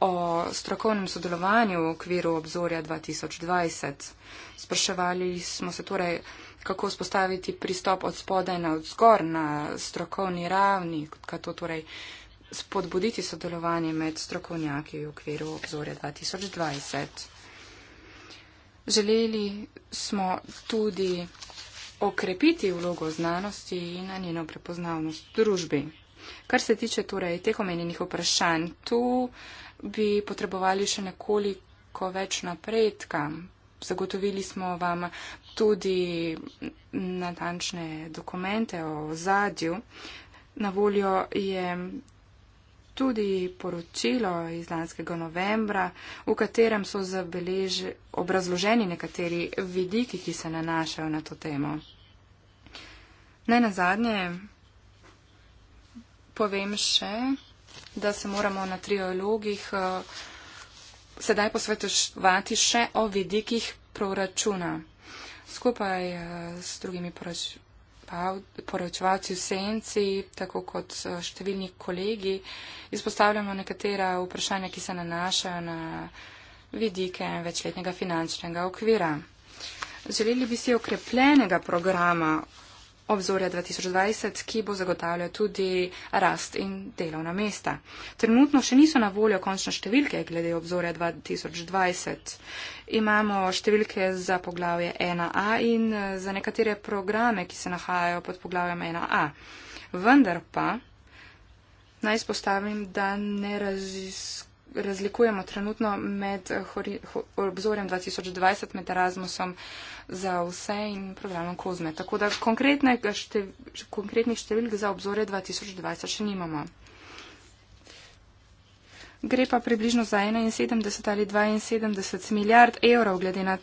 o strokovnem sodelovanju v okviru obzorja 2020. Spraševali smo se torej, kako spostaviti pristop od spode na odzgor na strokovni ravni, kako torej spodbuditi sodelovanje med strokovnjaki v okviru obzorja 2020. Želeli smo tudi okrepiti vlogo znanosti in na njeno prepoznavnost v družbi. Kar se tiče torej teh omenjenih vprašanj, tu bi potrebovali še nekoliko več napredka. Zagotovili smo vam tudi natančne dokumente o zadju. Na voljo je tudi poročilo iz lanskega novembra, v katerem so zabeleži obrazloženi nekateri vidiki, ki se nanašajo na to temo. Naj na zadnje povem še, da se moramo na triologih uh, eh, sedaj posvetovati še o vidikih proračuna. Skupaj uh, s drugimi proč, poročevalci v senci, tako kot uh, številni kolegi, izpostavljamo nekatera vprašanja, ki se nanašajo na vidike večletnega finančnega okvira. Želeli bi si okrepljenega programa obzorja 2020, ki bo zagotavljal tudi rast in delovna mesta. Trenutno še niso na voljo končne številke glede obzorja 2020. Imamo številke za poglavje 1a in eh, za nekatere programe, ki se nahajajo pod poglavjem 1a. Vendar pa naj spostavim, da ne raziskujem razlikujemo trenutno med eh, hori, ho, obzorjem 2020, med Erasmusom za vse in programom Kozme. Tako da štev, konkretnih številk za obzorje 2020 še nimamo. Gre pa približno za 71 ali 72 milijard evrov, glede na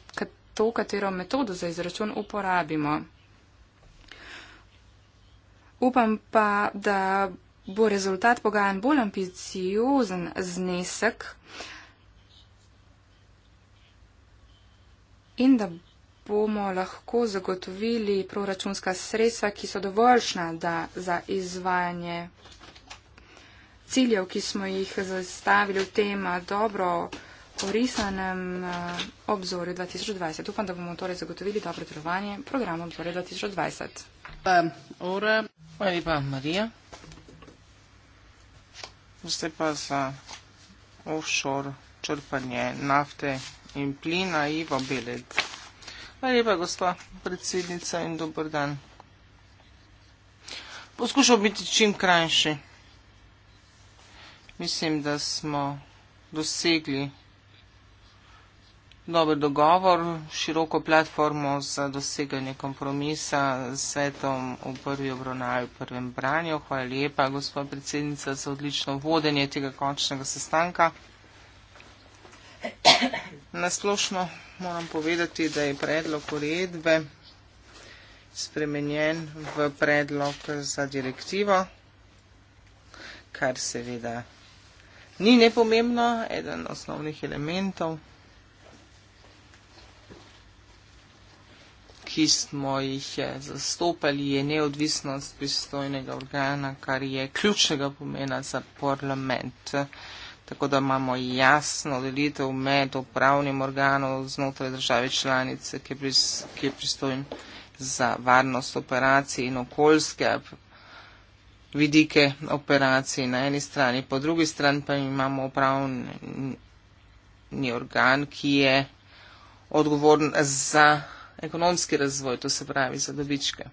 to, katero metodo za izračun uporabimo. Upam pa, da bo rezultat pogajanj bolj ambiciozen znesek in da bomo lahko zagotovili proračunska sredstva, ki so dovoljšna za izvajanje ciljev, ki smo jih zastavili v tem dobro korisanem obzorju 2020. Upam, da bomo torej zagotovili dobro delovanje programa obzorja 2020. Hvala lepa, Marija zdaj pa za offshore črpanje nafte in plina Ivo Beled. Lepa gospa predsednica in dober dan. Poskušal biti čim krajši. Mislim, da smo dosegli dober dogovor, široko platformo za doseganje kompromisa s svetom v prvi obravnavi, v prvem branju. Hvala lepa, gospod predsednica, za odlično vodenje tega končnega sestanka. Nasplošno moram povedati, da je predlog uredbe spremenjen v predlog za direktivo, kar seveda ni nepomembno, eden osnovnih elementov. ki smo jih eh, zastopali, je neodvisnost pristojnega organa, kar je ključnega pomena za parlament. Tako da imamo jasno delitev med upravnim organom znotraj države članice, ki je pristojen za varnost operacij in okoljske vidike operacij na eni strani, po drugi strani pa imamo upravni organ, ki je odgovoren za ekonomski razvoj, to se pravi za dobičke,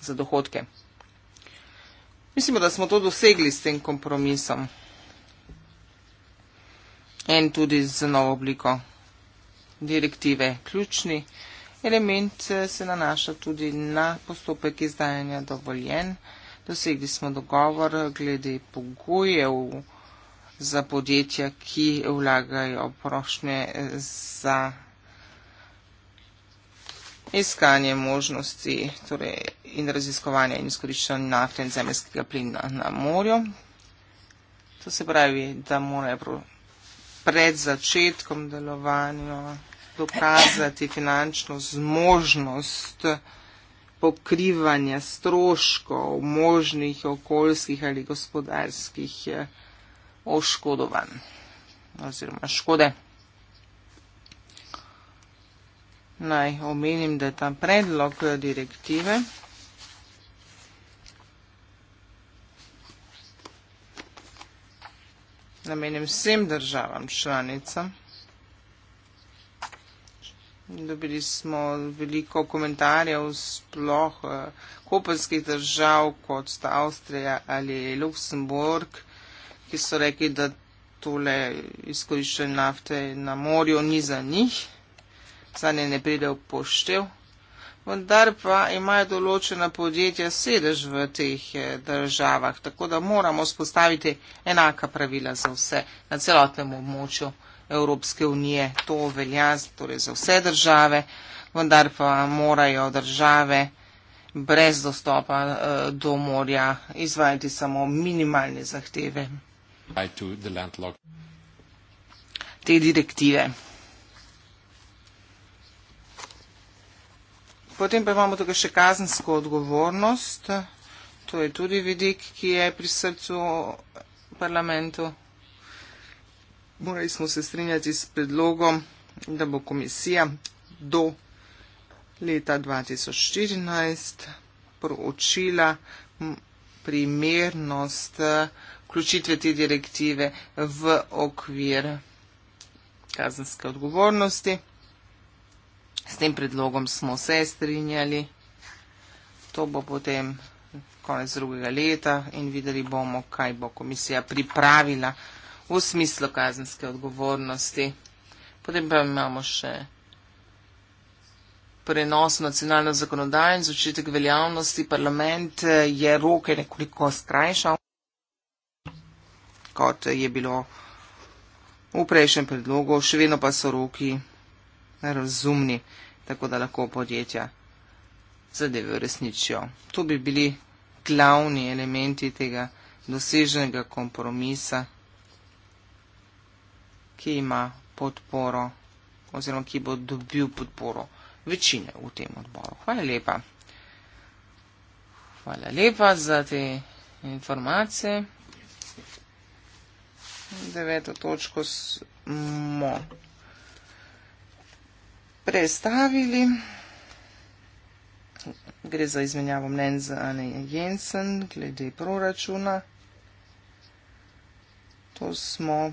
za dohodke. Mislimo, da smo to dosegli s tem kompromisom. En tudi z novo obliko direktive. Ključni element eh, se nanaša tudi na postopek izdajanja dovoljen. Dosegli smo dogovor glede pogojev za podjetja, ki vlagajo prošnje eh, za iskanje možnosti torej, in raziskovanja in izkoriščanja nafte in zemljskega plina na morju. To se pravi, da morajo pred začetkom delovanja dokazati finančno zmožnost pokrivanja stroškov možnih okoljskih ali gospodarskih eh, oškodovanj oziroma škode. naj omenim, da je ta predlog direktive namenjen vsem državam članicam. Dobili smo veliko komentarjev sploh eh, kopenskih držav, kot sta Avstrija ali Luksemburg, ki so rekli, da tole izkoriščenje nafte na morju ni za njih sanje ne pride v poštev, vendar pa imajo določena podjetja sedež v teh eh, državah, tako da moramo spostaviti enaka pravila za vse na celotnem območju Evropske unije. To velja torej za vse države, vendar pa morajo države brez dostopa eh, do morja izvajati samo minimalne zahteve. Te direktive. Potem pa imamo tukaj še kazensko odgovornost. To je tudi vidik, ki je pri srcu parlamentu. Morali smo se strinjati s predlogom, da bo komisija do leta 2014 poročila primernost eh, vključitve te direktive v okvir kazenske odgovornosti. S tem predlogom smo se strinjali. To bo potem konec drugega leta in videli bomo, kaj bo komisija pripravila v smislu kazenske odgovornosti. Potem pa imamo še prenos nacionalno zakonodajo in začetek veljavnosti. Parlament eh, je roke nekoliko skrajšal, kot je bilo v prejšnjem predlogu, še vedno pa so roki razumni, tako da lahko podjetja zadeve uresničijo. To bi bili glavni elementi tega doseženega kompromisa, ki ima podporo oziroma ki bo dobil podporo večine v tem odboru. Hvala lepa. Hvala lepa za te informacije. Deveto točko smo prestavili. Gre za izmenjavo mnen z Ane Jensen glede proračuna. To smo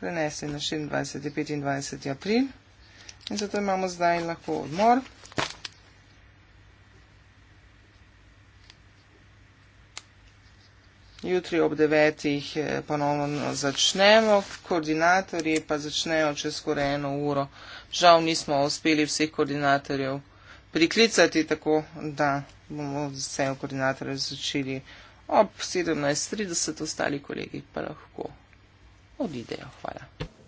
prenesli na 24. in 25. april in zato imamo zdaj lahko odmor. jutri ob devetih eh, ponovno začnemo, koordinatorji pa začnejo čez skoraj eno uro. Žal nismo uspeli vseh koordinatorjev priklicati tako, da bomo vse koordinatorje začeli ob 17.30, ostali kolegi pa lahko odidejo. Hvala.